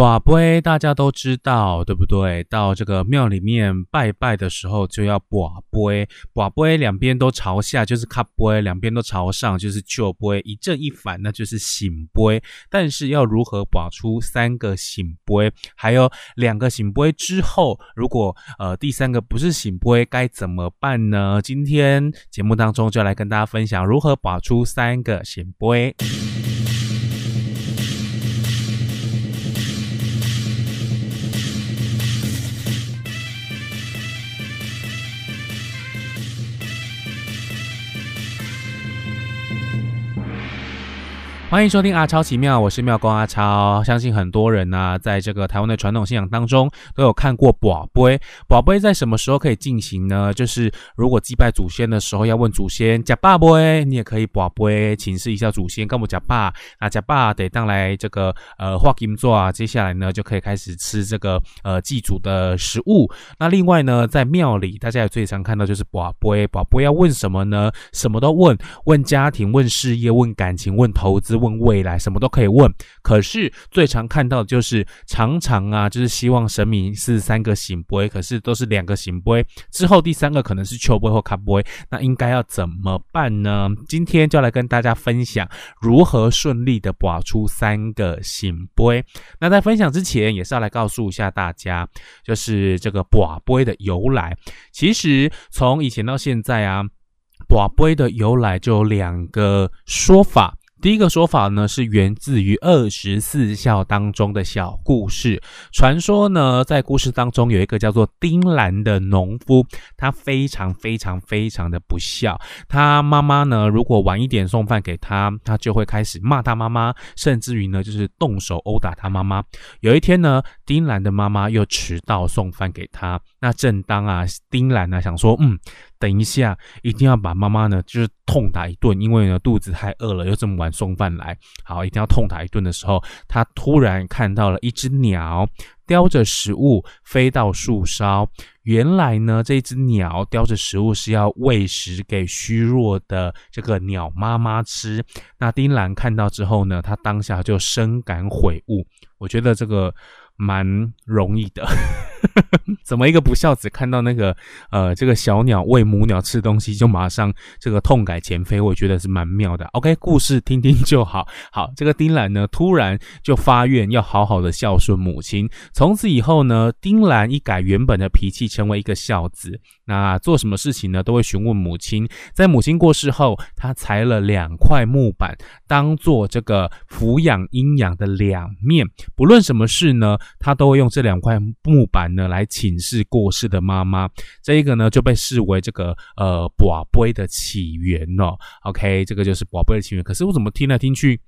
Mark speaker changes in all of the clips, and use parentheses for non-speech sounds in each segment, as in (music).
Speaker 1: 博杯，大家都知道，對不對？到這個廟裡面拜拜的時候，就要博杯。博杯兩邊都朝下就是靠杯，兩邊都朝上就是笑杯。一正一反那就是聖杯。但是要如何博出三個聖杯，還有兩個聖杯之後，如果呃第三個不是聖杯，該怎麼辦呢？今天節目當中就來跟大家分享如何博出三個聖杯。 (noise) 歡迎收聽《阿超奇妙》，我是廟公阿超。相信很多人呢、啊，在這個台灣的傳統信仰當中，都有看過博杯。博杯在什麼時候可以進行呢？就是如果祭拜祖先的時候，要問祖先呷飽未，你也可以博杯請示一下祖先干我呷飽。那呷飽得當來這個呃化金座啊，接下來呢就可以開始吃這個呃祭祖的食物。那另外呢，在廟裡大家也最常看到就是博杯。博杯要問什麼呢？什麼都問，問家庭、問事業、問感情、問投資。問未來什麼都可以問，可是最常看到的就是常常啊，就是希望神明是三個聖筊，可是都是兩個聖筊。之後第三個可能是笑筊或哭筊，那應該要怎麼辦呢？今天就來跟大家分享如何順利的博出三個聖筊。那在分享之前，也是要來告訴一下大家，就是這個博筊的由來。其實從以前到現在啊，博筊的由來就有兩個說法。第一個說法呢，是源自於二十四孝當中的小故事。傳說呢，在故事當中有一個叫做丁蘭的農夫，他非常非常非常的不孝。他媽媽呢，如果晚一點送飯給他，他就會開始罵他媽媽，甚至於呢，就是動手毆打他媽媽。有一天呢，丁蘭的媽媽又遲到送飯給他，那正當啊，丁蘭呢想說，嗯。等一下，一定要把媽媽呢，就是痛打一頓，因為呢，肚子太餓了，又這麼晚送飯來，好，一定要痛打一頓的時候，他突然看到了一隻鳥叼着食物飛到樹梢，原來呢，這隻鳥叼着食物是要喂食給虛弱的這個鳥媽媽吃，那丁蘭看到之後呢，他當下就深感悔悟。我覺得這個。蠻容易的， (laughs) 怎麼一個不孝子看到那個呃這個小鳥餵母鳥吃東西，就馬上這個痛改前非？我覺得是蠻妙的。OK，故事聽聽就好。好，這個丁蘭呢，突然就發願要好好的孝順母親，從此以後呢，丁蘭一改原本的脾氣，成為一個孝子。那做什麼事情呢，都會詢問母親。在母親過世後，他裁了兩塊木板，當做這個撫養陰陽的兩面。不論什麼事呢，他都會用這兩塊木板呢來請示過世的媽媽。這一個呢就被視為這個呃，筊杯的起源哦。OK，這個就是筊杯的起源。可是我怎麼聽來聽去？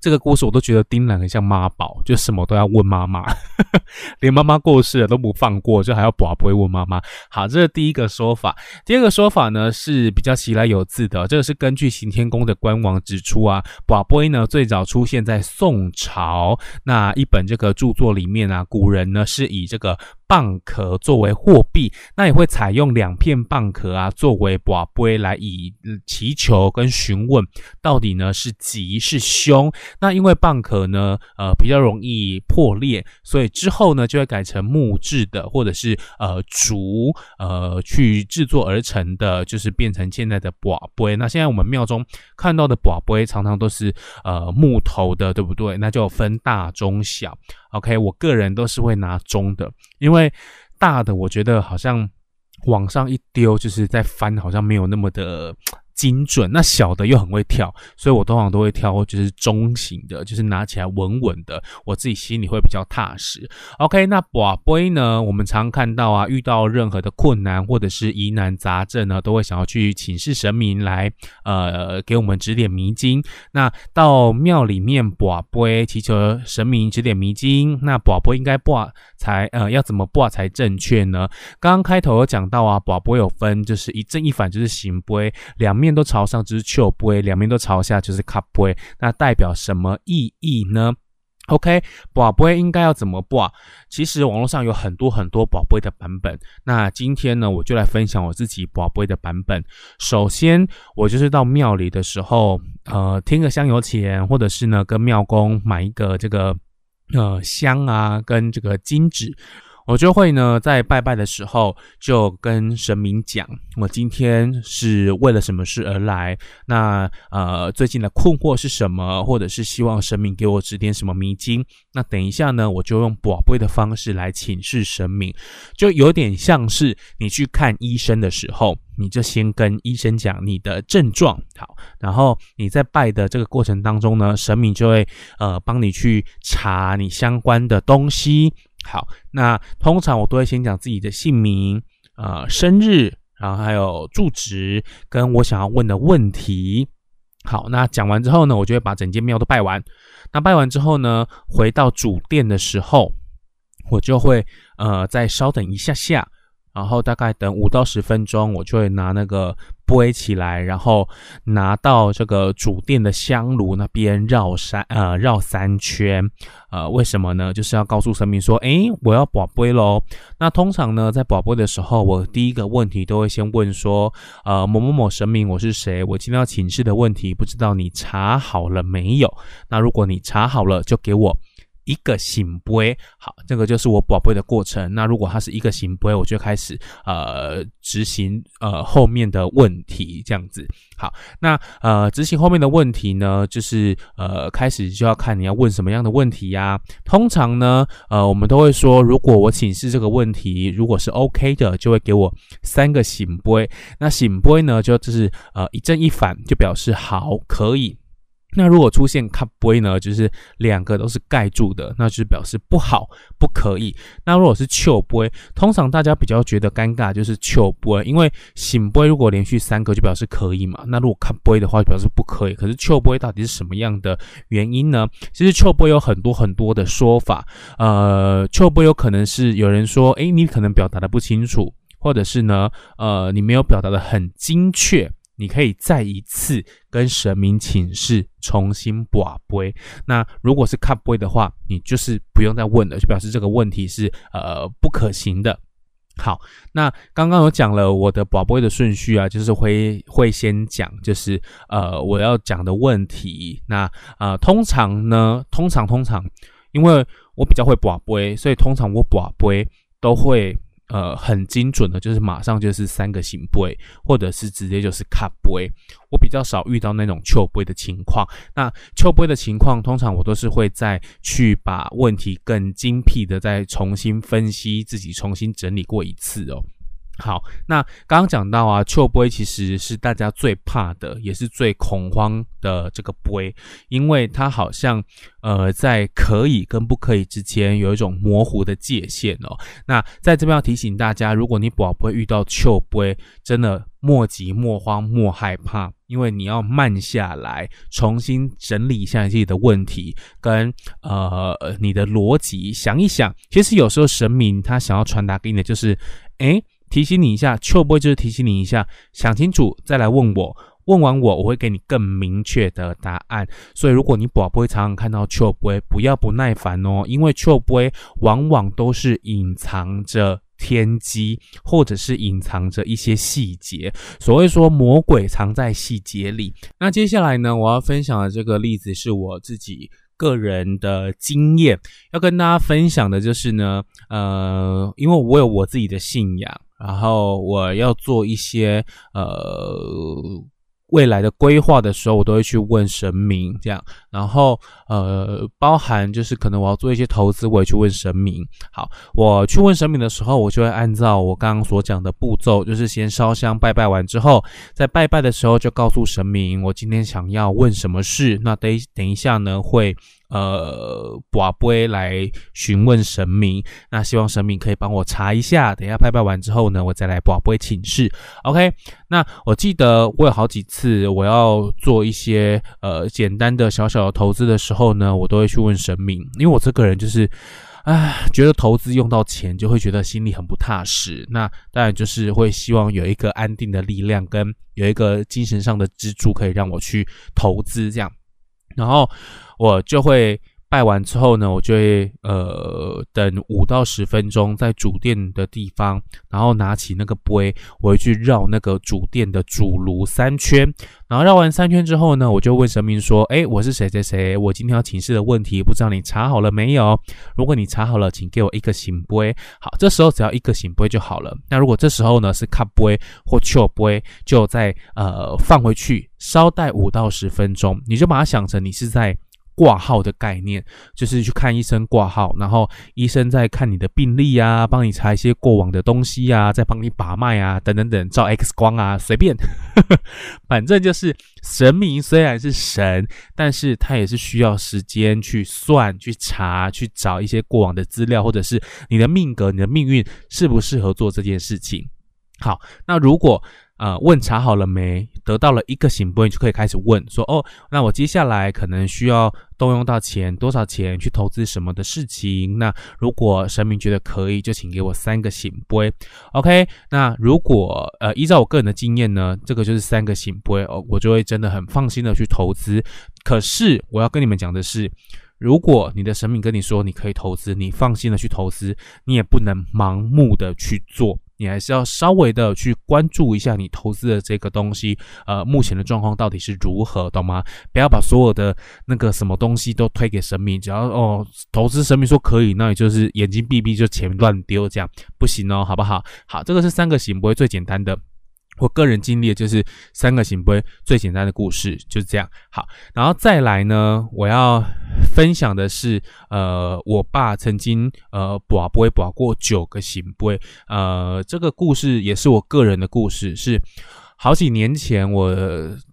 Speaker 1: 這個故事我都覺得丁蘭很像媽寶，就什麼都要問媽媽呵呵，連媽媽過世了都不放過，就還要博杯問媽媽。好，這是、個、第一個說法。第二個說法呢是比較喜來有字的、哦，這個是根據行天宮的官網指出啊，博杯呢最早出現在宋朝那一本這個著作裡面啊，古人呢是以這個。蚌殼作為貨幣，那也會採用兩片蚌殼啊作為筊杯來以祈求跟詢問到底呢是吉是凶。那因為蚌殼呢，呃比較容易破裂，所以之後呢就會改成木製的或者是呃竹呃去制作而成的，就是變成現在的筊杯。那現在我們廟中看到的筊杯常常都是呃木頭的，對不對？那就分大中小。OK，我個人都是會拿中的，因為大的我覺得好像往上一丟，就是在翻，好像沒有那麼的。精準，那小的又很會跳，所以我通常都會挑就是中型的，就是拿起來穩穩的，我自己心裡會比較踏實。OK，那博杯呢？我們常看到啊，遇到任何的困難或者是疑難雜症呢，都會想要去請示神明來，呃，給我們指點迷津。那到廟裡面博杯祈求神明指點迷津。那博杯應該博才呃，要怎麼博才正確呢？剛剛開頭有講到啊，博杯有分就是一正一反，就是行杯兩面。兩面都朝上就是翹杯，兩面都朝下就是卡杯，那代表什麼意義呢？OK，博杯應該要怎麼博啊？其實網絡上有很多很多博杯的版本，那今天呢我就來分享我自己博杯的版本。首先我就是到廟裡的時候，呃，添個香油錢，或者是呢跟廟公買一個這個呃香啊，跟這個金紙。我就會呢，在拜拜的時候就跟神明講，我今天是為了什麼事而來，那呃，最近的困惑是什麼？或者是希望神明給我指點什麼迷津？那等一下呢，我就用博杯的方式來請示神明，就有點像是你去看醫生的時候，你就先跟醫生講你的症狀，好，然後你在拜的這個過程當中呢，神明就會呃幫你去查你相關的東西。好，那通常我都會先講自己的姓名、呃生日，然後還有住址，跟我想要問的問題。好，那講完之後呢，我就會把整間廟都拜完。那拜完之後呢，回到主殿的時候，我就會呃再稍等一下下。然後大概等五到十分鐘，我就會拿那個杯起來，然後拿到這個主殿的香爐那邊繞三，呃繞三圈，呃為什麼呢？就是要告訴神明說，哎，我要博杯嘍。那通常呢，在博杯的時候，我第一個問題都會先問說，呃，某某某神明，我是誰？我今天要請示的問題，不知道你查好了沒有？那如果你查好了，就給我。一個聖杯，好，這個就是我博杯的過程。那如果它是一個聖杯，我就開始呃執行呃後面的問題，這樣子。好，那呃執行後面的問題呢，就是呃開始就要看你要問什麼樣的問題呀、啊。通常呢，呃我們都會說，如果我請示這個問題，如果是 OK 的，就會給我三個聖杯。那聖杯呢，就就是呃一正一反，就表示好可以。那如果出現卡杯呢，就是兩個都是蓋住的，那就是表示不好，不可以。那如果是笑杯，通常大家比較覺得尷尬，就是笑杯。因為聖杯如果連續三個就表示可以嘛，那如果卡杯的話，表示不可以。可是笑杯到底是什麼樣的原因呢？其實笑杯有很多很多的說法。呃，笑杯有可能是有人說，誒，你可能表達的不清楚，或者是呢，呃，你沒有表達的很精確。你可以再一次跟神明請示，重新博杯，那如果是卡杯的話，你就是不用再問了，就表示這個問題是呃不可行的。好，那剛剛有講了我的博杯的順序啊，就是會會先講，就是呃我要講的問題。那呃通常呢，通常通常，因為我比較會博杯，所以通常我博杯都會。呃，很精準的，就是馬上就是三個聖杯，或者是直接就是卡杯。我比較少遇到那種笑杯的情況。那笑杯的情況，通常我都是會再去把問題更精闢的再重新分析，自己重新整理過一次哦。好，那剛剛講到啊，糗杯其實是大家最怕的，也是最恐慌的這個杯，因為它好像呃在可以跟不可以之間有一種模糊的界限哦。那在這邊要提醒大家，如果你博不，不會遇到糗杯，真的莫急莫慌莫害怕，因為你要慢下來，重新整理一下自己的問題跟呃你的邏輯，想一想，其實有時候神明他想要傳達給你的就是，哎。提醒你一下，笑杯就是提醒你一下，想清楚再來問我，問完我，我會給你更明確的答案。所以如果你博杯常常看到笑杯，不要不耐煩哦，因為笑杯往往都是隱藏着天機，或者是隱藏着一些細節。所謂說魔鬼藏在細節裡。那接下來呢，我要分享的這個例子是我自己個人的經驗，要跟大家分享的就是呢，呃，因為我有我自己的信仰。然後我要做一些呃未來的規劃的時候，我都會去問神明這樣。然後呃，包含就是可能我要做一些投資，我也去問神明。好，我去問神明的時候，我就會按照我剛剛所講的步驟，就是先燒香拜拜完之後，在拜拜的時候就告訴神明我今天想要問什麼事。那等等一下呢會。呃，博杯來詢問神明，那希望神明可以幫我查一下。等一下拍拍完之後呢，我再來博杯請示。OK，那我記得我有好幾次我要做一些呃簡單的小小的投資的時候呢，我都會去問神明，因為我這個人就是唉，覺得投資用到錢就會覺得心裡很不踏實。那當然就是會希望有一個安定的力量跟有一個精神上的支柱，可以讓我去投資這樣。然後我就會。拜完之後呢，我就會呃等五到十分鐘在主殿的地方，然後拿起那個杯，我會去繞那個主殿的主爐三圈，然後繞完三圈之後呢，我就問神明說：“哎，我是誰誰誰，我今天要請示的問題，不知道你查好了沒有？如果你查好了，請給我一個聖杯。好，這時候只要一個聖杯就好了。那如果這時候呢是卡杯或笑杯，就再呃放回去，稍待五到十分鐘，你就把它想成你是在。”掛號的概念，就是去看醫生掛號，然後醫生再看你的病歷啊，幫你查一些過往的東西啊，再幫你把脈啊，等等等，照 X 光啊，隨便， (laughs) 反正就是神明雖然是神，但是他也是需要時間去算、去查、去找一些過往的資料，或者是你的命格、你的命運適不適合做這件事情。好，那如果呃，問查好了沒？得到了一個聖杯，你就可以開始問說：“哦，那我接下來可能需要動用到錢，多少錢去投資什麼的事情？”那如果神明覺得可以，就請給我三個聖杯。OK？那如果呃依照我個人的經驗呢，這個就是三個聖杯、哦，我就會真的很放心的去投資。可是我要跟你們講的是，如果你的神明跟你說你可以投資，你放心的去投資，你也不能盲目的去做。你還是要稍微的去關注一下你投資的這個東西，呃，目前的狀況到底是如何，懂嗎？不要把所有的那個什麼東西都推給神明，只要哦，投資神明說可以，那你就是眼睛閉閉就錢亂丟，這樣不行哦，好不好？好，這個是三個行不會最簡單的。我個人經歷的就是三個聖杯最簡單的故事，就是這樣。好，然後再來呢，我要分享的是，呃，我爸曾經呃，博杯博過九個聖杯，呃，這個故事也是我個人的故事，是。好幾年前，我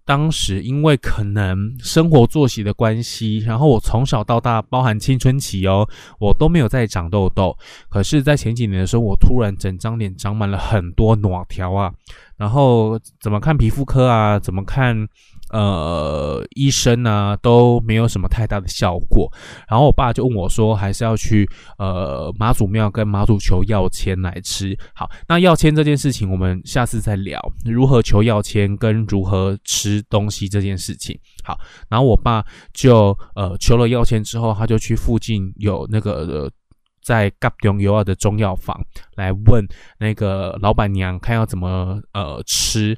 Speaker 1: 當時因為可能生活作息的關係，然後我從小到大，包含青春期哦，我都沒有再長痘痘。可是，在前幾年的時候，我突然整張臉長滿了很多哪條啊，然後怎麼看皮膚科啊，怎麼看？呃，醫生呢都沒有什麼太大的效果。然後我爸就問我說，還是要去呃媽祖廟跟媽祖求藥籤來吃。好，那藥籤這件事情，我們下次再聊如何求藥籤跟如何吃東西這件事情。好，然後我爸就呃求了藥籤之後，他就去附近有那個在 gap dong u 二的中藥房來問那個老闆娘，看要怎麼呃吃。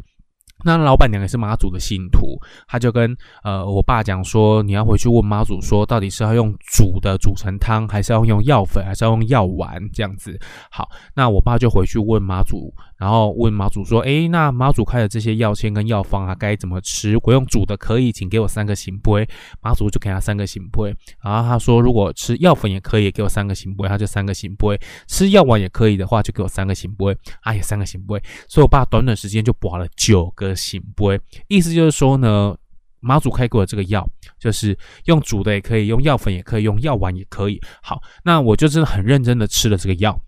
Speaker 1: 那老闆娘也是媽祖的信徒，他就跟呃我爸講說，你要回去問媽祖，說到底是要用煮的煮成湯，還是要用藥粉，還是要用藥丸這樣子。好，那我爸就回去問媽祖。然後問媽祖說：“哎，那媽祖開的這些藥籤跟藥方啊，該怎麼吃？如果用煮的可以，請給我三個聖杯。”媽祖就給他三個聖杯。然後他說：“如果吃藥粉也可以，給我三個聖杯。”他就三個聖杯。吃藥丸也可以的話，就給我三個聖杯。啊，也三個聖杯。所以，我爸短短時間就博了九個聖杯。意思就是說呢，媽祖開給我這個藥，就是用煮的也可以，用藥粉也可以，用藥丸也可以。好，那我就真的很認真的吃了這個藥。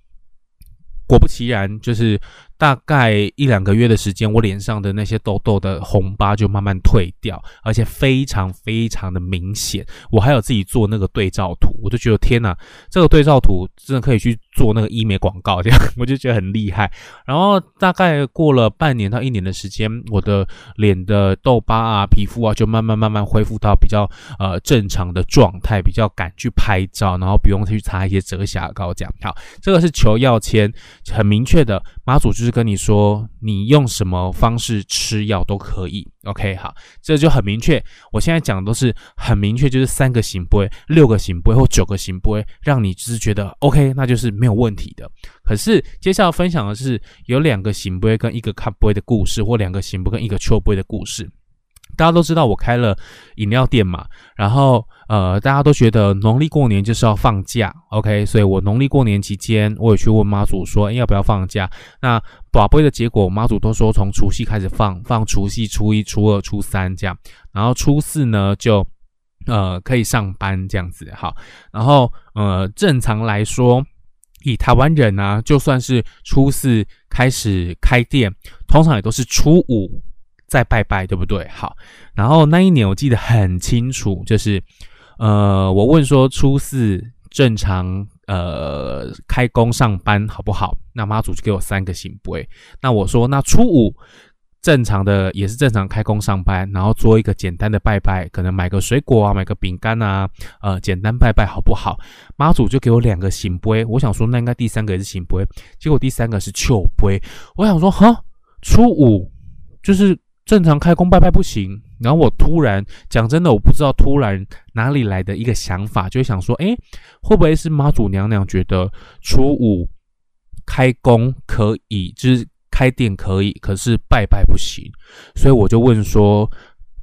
Speaker 1: 果不其然，就是。大概一兩個月的時間，我臉上的那些痘痘的紅疤就慢慢退掉，而且非常非常的明顯。我還有自己做那個對照圖，我就覺得天哪，這個對照圖真的可以去做那個醫美廣告，這樣我就覺得很厲害。然後大概過了半年到一年的時間，我的臉的痘疤啊、皮膚啊就慢慢慢慢恢復到比較呃正常的狀態，比較敢去拍照，然後不用去擦一些遮瑕膏這樣。好，這個是求藥籤，很明確的。媽祖就是跟你說，你用什麼方式吃藥都可以，OK，好，這就很明確。我現在講的都是很明確，就是三個聖杯，六個聖杯，或九個聖杯，讓你就是覺得 OK，那就是沒有問題的。可是接下來分享的是有兩個聖杯跟一個蓋杯的故事，或兩個聖杯跟一個笑杯的故事。大家都知道我開了飲料店嘛，然後呃，大家都覺得農曆過年就是要放假，OK，所以我農曆過年期間我也去問媽祖說，欸，要不要放假？那博杯的結果，媽祖都說從除夕開始放，放除夕、初一、初二、初三這樣，然後初四呢就呃可以上班這樣子，好，然後呃正常來說，以台灣人啊，就算是初四開始開店，通常也都是初五。再拜拜，對不對？好，然後那一年我記得很清楚，就是，呃，我問說初四正常呃開工上班好不好？那媽祖就給我三個聖杯。那我說那初五正常的也是正常開工上班，然後做一個簡單的拜拜，可能買個水果啊，買個餅乾啊，呃，簡單拜拜好不好？媽祖就給我兩個聖杯。我想說那應該第三個也是聖杯，結果第三個是笑杯。我想說哈，初五就是。正常開工拜拜不行，然後我突然講真的，我不知道突然哪裡來的一個想法，就想說，誒，會不會是媽祖娘娘覺得初五開工可以，就是開店可以，可是拜拜不行，所以我就問說，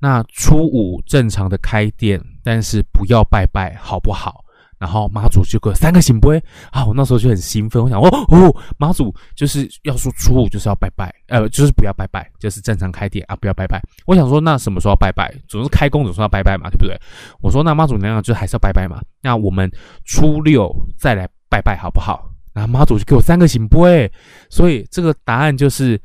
Speaker 1: 那初五正常的開店，但是不要拜拜，好不好？然後媽祖就給我三個聖筊。啊，我那時候就很興奮，我想哦、哦，媽祖就是要說初五就是要拜拜，呃，就是不要拜拜，就是正常開店啊，不要拜拜。我想說，那什麼時候要拜拜？總是開工，總是要拜拜嘛，對不對？我說那媽祖娘娘就還是要拜拜嘛，那我們初六再來拜拜好不好？然後媽祖就給我三個聖筊，所以這個答案就是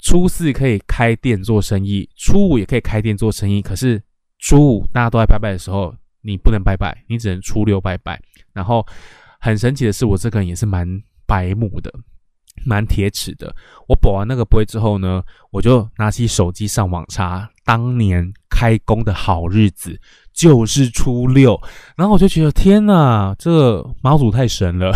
Speaker 1: 初四可以開店做生意，初五也可以開店做生意，可是初五大家都在拜拜的時候。你不能拜拜，你只能初六拜拜。然後很神奇的是，我這個人也是蠻白目的，蠻鐵齒的。我博完那個杯之後呢，我就拿起手機上網查當年。開工的好日子就是初六，然後我就覺得天吶，這個媽祖太神了。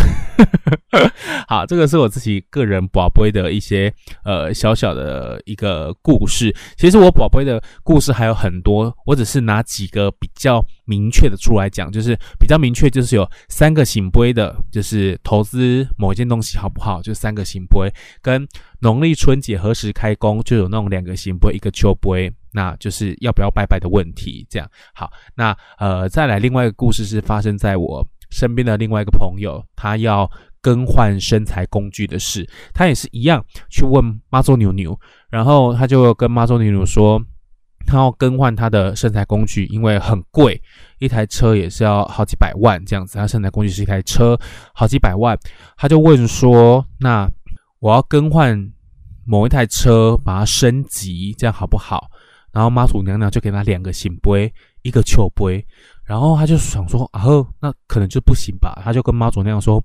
Speaker 1: (laughs) 好，這個是我自己個人寶貝的一些呃小小的一個故事。其實我寶貝的故事還有很多，我只是拿幾個比較明確的出來講，就是比較明確，就是有三個聖杯的，就是投資某一件東西好不好？就三個聖杯跟。農曆春節何時開工，就有那種兩個聖杯一個秋杯，那就是要不要拜拜的問題。這樣好，那呃，再來另外一個故事是發生在我身邊的另外一個朋友，他要更換生財工具的事，他也是一樣去問媽祖牛牛，然後他就跟媽祖牛牛說，他要更換他的生財工具，因為很貴，一台車也是要好幾百萬這樣子，他生財工具是一台車，好幾百萬，他就問說那。我要更換某一台車，把它升級，這樣好不好？然後媽祖娘娘就給他兩個聖杯，一個笑杯。然後他就想說：“啊，那可能就不行吧。”他就跟媽祖娘娘說：“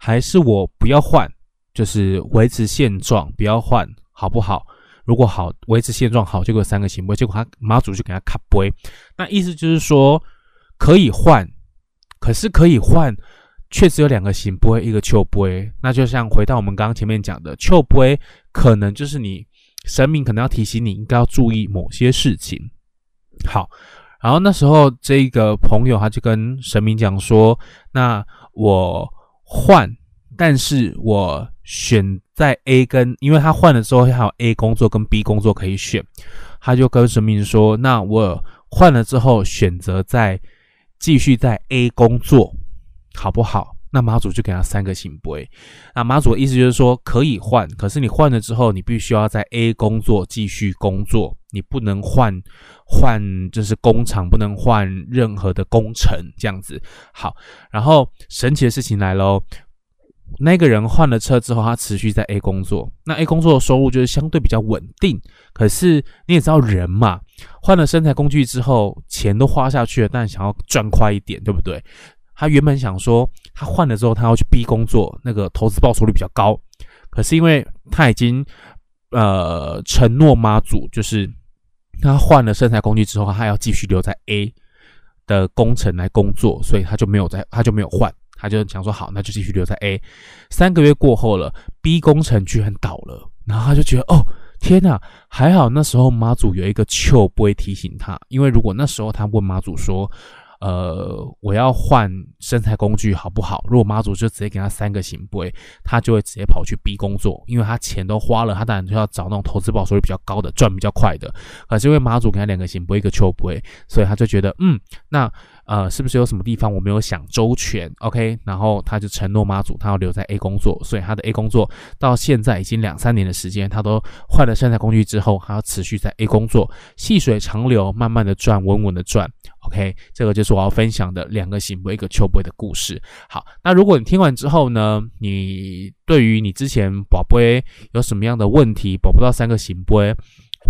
Speaker 1: 還是我不要換，就是維持現狀，不要換，好不好？如果好，維持現狀好，就給三個聖杯。結果他媽祖就給他卡杯，那意思就是說可以換，可是可以換。”確實有兩個聖杯，一個笑杯。那就像回到我們剛剛前面講的，笑杯可能就是你，神明可能要提醒你應該要注意某些事情。好，然後那時候這個朋友他就跟神明講說：“那我換，但是我選在 A 跟，因為他換了之後還有 A 工作跟 B 工作可以選，他就跟神明說：那我換了之後選擇再繼續在 A 工作。”好不好？那媽祖就給他三個聖杯。那媽祖的意思就是說，可以換，可是你換了之後，你必須要在 A 工作，繼續工作，你不能換，換就是工廠不能換任何的工程這樣子。好，然後神奇的事情來了，那個人換了車之後，他持續在 A 工作。那 A 工作的收入就是相對比較穩定。可是你也知道人嘛，換了生產工具之後，錢都花下去了，但想要賺快一點，對不對？他原本想說，他換了之後，他要去 B 工作，那個投資報酬率比較高。可是因為他已經，呃，承諾媽祖，就是他換了生財工具之後，他要繼續留在 A 的工程來工作，所以他就沒有再，他就沒有換，他就想說好，那就繼續留在 A。三個月過後了，B 工程居然倒了，然後他就覺得，哦，天哪，還好那時候媽祖有一個 cue 不會提醒他，因為如果那時候他問媽祖說。呃，我要換生財工具好不好？如果媽祖就直接給他三個聖杯，他就會直接跑去 B 工作，因為他錢都花了，他當然就要找那種投資報酬率比較高的，賺比較快的。可是因為媽祖給他兩個聖杯，一個笑杯，所以他就覺得，嗯，那呃，是不是有什麼地方我沒有想周全？OK，然後他就承諾媽祖，他要留在 A 工作。所以他的 A 工作到現在已經兩三年的時間，他都換了生財工具之後，還要持續在 A 工作，細水長流，慢慢的賺，穩穩的賺。OK，這個就是我要分享的兩個聖杯一個笑杯的故事。好，那如果你聽完之後呢，你對於你之前博杯有什麼樣的問題，博不到三個聖杯，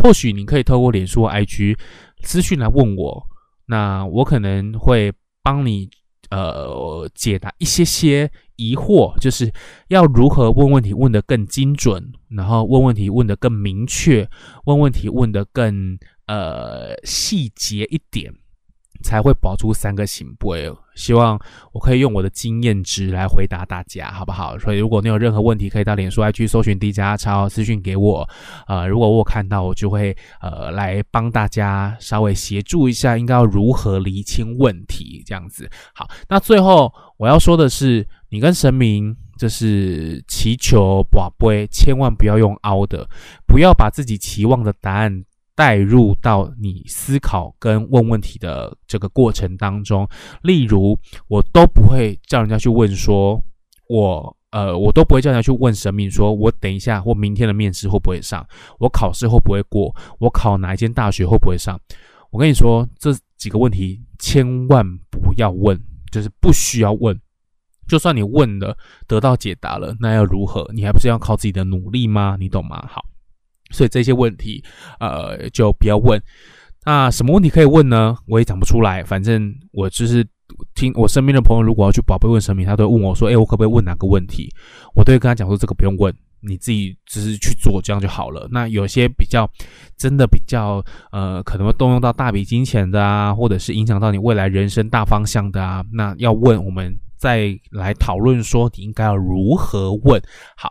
Speaker 1: 或許你可以透過臉書 IG 私訊來問我，那我可能會幫你呃解答一些些疑惑，就是要如何問問題問得更精準，然後問問題問得更明確，問問題問得更呃細節一點。才會博出三個聖筊。希望我可以用我的經驗值來回答大家，好不好？所以，如果你有任何問題，可以到臉書 IG 去搜尋 DJ 阿超私訊給我。呃，如果我看到，我就會呃來幫大家稍微協助一下，應該要如何釐清問題這樣子。好，那最後我要說的是，你跟神明就是祈求保杯，千萬不要用凹的，不要把自己期望的答案。帶入到你思考跟問問題的這個過程當中，例如，我都不會叫人家去問說，我呃，我都不會叫人家去問神明說，我等一下或明天的面試會不會上，我考試會不會過，我考哪一間大學會不會上？我跟你說，這幾個問題千萬不要問，就是不需要問，就算你問了，得到解答了，那要如何？你還不是要靠自己的努力嗎？你懂嗎？好。所以這些問題，呃，就不要問。那什麼問題可以問呢？我也講不出來。反正我就是聽我身邊的朋友，如果要去博杯問神明，他都會問我說：“哎、欸，我可不可以問哪個問題？”我都會跟他講說：“這個不用問，你自己只是去做，這樣就好了。”那有些比較真的比較呃，可能會動用到大筆金錢的啊，或者是影響到你未來人生大方向的啊，那要問，我們再來討論說你應該要如何問。好，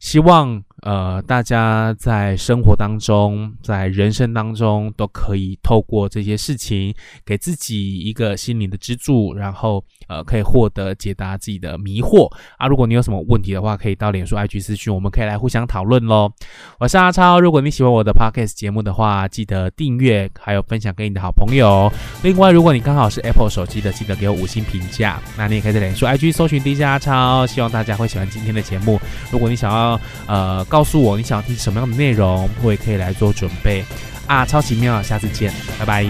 Speaker 1: 希望。呃，大家在生活當中，在人生當中都可以透過這些事情，給自己一個心靈的支柱，然後呃，可以獲得解答自己的迷惑啊。如果你有什麼問題的話，可以到臉書 IG 私訊，我們可以來互相討論嘍。我是阿超，如果你喜歡我的 Podcast 節目的話，記得訂閱，還有分享給你的好朋友。另外，如果你剛好是 Apple 手機的，記得給我五星評價，那你也可以在臉書 IG 搜尋 DJ 阿超。希望大家會喜歡今天的節目。如果你想要呃，告訴我你想要聽什麼樣的內容，我也可以來做準備啊！超級妙，下次見，拜拜。